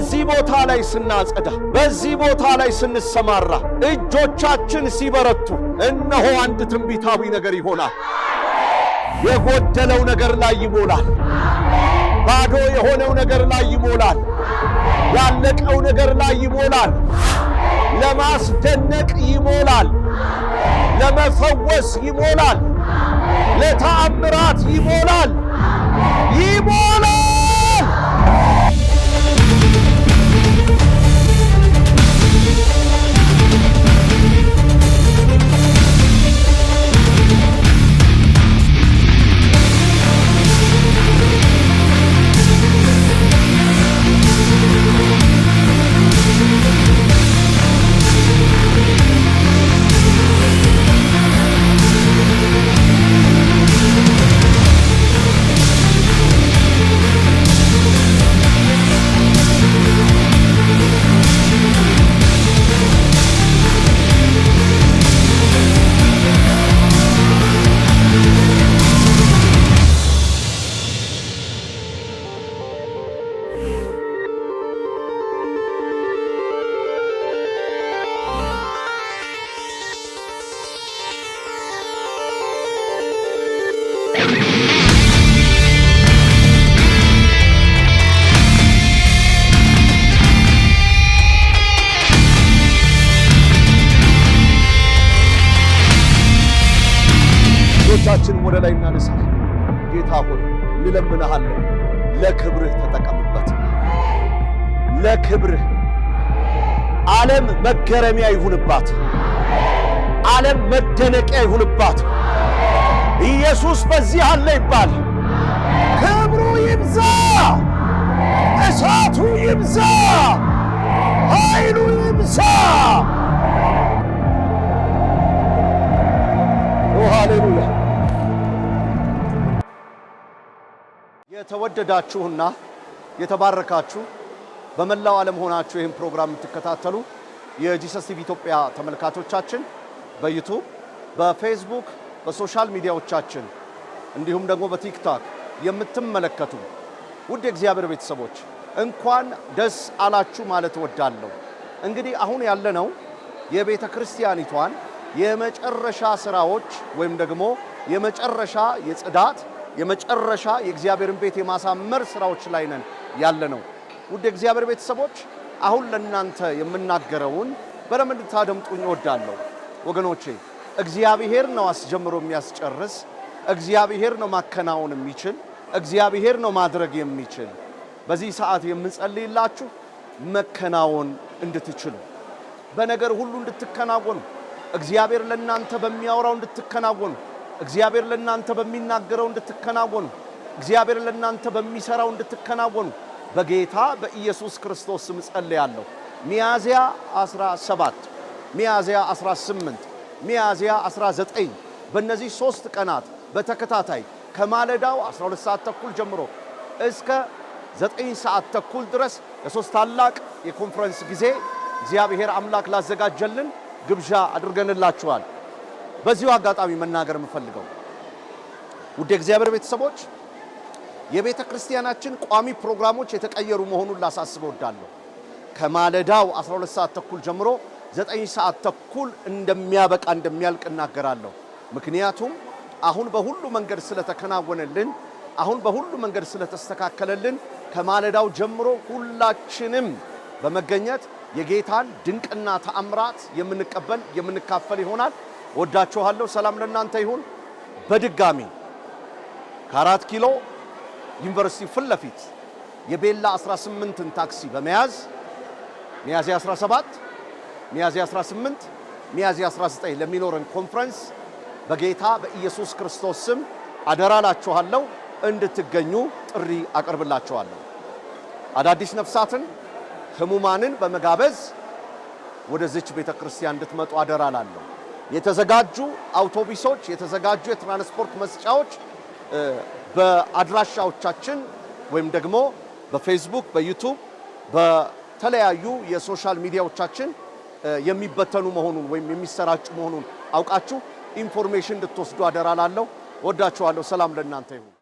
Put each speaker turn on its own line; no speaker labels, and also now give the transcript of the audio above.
በዚህ ቦታ ላይ ስናጸዳ፣ በዚህ ቦታ ላይ ስንሰማራ፣ እጆቻችን ሲበረቱ፣ እነሆ አንድ ትንቢታዊ ነገር ይሆናል። የጎደለው ነገር ላይ ይሞላል። ባዶ የሆነው ነገር ላይ ይሞላል። ያለቀው ነገር ላይ ይሞላል። ለማስደነቅ ይሞላል። ለመፈወስ ይሞላል። ለተአምራት ይሞላል። ይሞላል። እጆቻችን ወደ ላይ እናነሳ። ጌታ ሆይ እንለምንሃለን፣ ለክብርህ ተጠቀምበት። ለክብርህ ዓለም መገረሚያ ይሁንባት። ዓለም መደነቂያ ይሁንባት። ኢየሱስ በዚህ አለ ይባል። ክብሩ ይብዛ፣ እሳቱ ይብዛ፣ ኃይሉ ይብዛ። ሃሌሉያ!
የተወደዳችሁና የተባረካችሁ በመላው ዓለም ሆናችሁ ይህን ፕሮግራም የምትከታተሉ የጂሰስ ቲቪ ኢትዮጵያ ተመልካቾቻችን በዩቱብ በፌስቡክ በሶሻል ሚዲያዎቻችን እንዲሁም ደግሞ በቲክቶክ የምትመለከቱ ውድ የእግዚአብሔር ቤተሰቦች እንኳን ደስ አላችሁ ማለት እወዳለሁ። እንግዲህ አሁን ያለነው የቤተ ክርስቲያኒቷን የመጨረሻ ስራዎች ወይም ደግሞ የመጨረሻ የጽዳት የመጨረሻ የእግዚአብሔርን ቤት የማሳመር ስራዎች ላይ ነን ነው። ውድ የእግዚአብሔር ቤተሰቦች አሁን ለእናንተ የምናገረውን በደንብ እንድታደምጡኝ እወዳለሁ ወገኖቼ እግዚአብሔር ነው አስጀምሮ የሚያስጨርስ። እግዚአብሔር ነው ማከናወን የሚችል። እግዚአብሔር ነው ማድረግ የሚችል። በዚህ ሰዓት የምንጸልይላችሁ መከናወን እንድትችሉ፣ በነገር ሁሉ እንድትከናወኑ፣ እግዚአብሔር ለእናንተ በሚያወራው እንድትከናወኑ፣ እግዚአብሔር ለእናንተ በሚናገረው እንድትከናወኑ፣ እግዚአብሔር ለእናንተ በሚሰራው እንድትከናወኑ በጌታ በኢየሱስ ክርስቶስ ስም ጸልያለሁ። ሚያዝያ 17 ሚያዝያ 18 ሚያዝያ 19 በእነዚህ ሶስት ቀናት በተከታታይ ከማለዳው 12 ሰዓት ተኩል ጀምሮ እስከ 9 ሰዓት ተኩል ድረስ ለሶስት ታላቅ የኮንፈረንስ ጊዜ እግዚአብሔር አምላክ ላዘጋጀልን ግብዣ አድርገንላችኋል። በዚሁ አጋጣሚ መናገር የምፈልገው ውድ የእግዚአብሔር ቤተሰቦች የቤተ ክርስቲያናችን ቋሚ ፕሮግራሞች የተቀየሩ መሆኑን ላሳስብ እወዳለሁ። ከማለዳው 12 ሰዓት ተኩል ጀምሮ ዘጠኝ ሰዓት ተኩል እንደሚያበቃ እንደሚያልቅ እናገራለሁ። ምክንያቱም አሁን በሁሉ መንገድ ስለተከናወነልን፣ አሁን በሁሉ መንገድ ስለተስተካከለልን ከማለዳው ጀምሮ ሁላችንም በመገኘት የጌታን ድንቅና ተአምራት የምንቀበል የምንካፈል ይሆናል። ወዳችኋለሁ። ሰላም ለእናንተ ይሁን። በድጋሚ ከአራት ኪሎ ዩኒቨርሲቲ ፊት ለፊት የቤላ 18ን ታክሲ በመያዝ ሚያዝያ 17 ሚያዝያ 18 ሚያዝያ 19 ለሚኖረን ኮንፈረንስ በጌታ በኢየሱስ ክርስቶስ ስም አደራላችኋለሁ እንድትገኙ ጥሪ አቀርብላችኋለሁ። አዳዲስ ነፍሳትን ህሙማንን በመጋበዝ ወደዚች ቤተ ክርስቲያን እንድትመጡ አደራላለሁ። የተዘጋጁ አውቶቡሶች፣ የተዘጋጁ የትራንስፖርት መስጫዎች በአድራሻዎቻችን ወይም ደግሞ በፌስቡክ፣ በዩቱብ፣ በተለያዩ የሶሻል ሚዲያዎቻችን የሚበተኑ መሆኑን ወይም የሚሰራጩ መሆኑን አውቃችሁ ኢንፎርሜሽን እንድትወስዱ አደራ ላለሁ። ወዳችኋለሁ። ሰላም ለእናንተ ይሁን።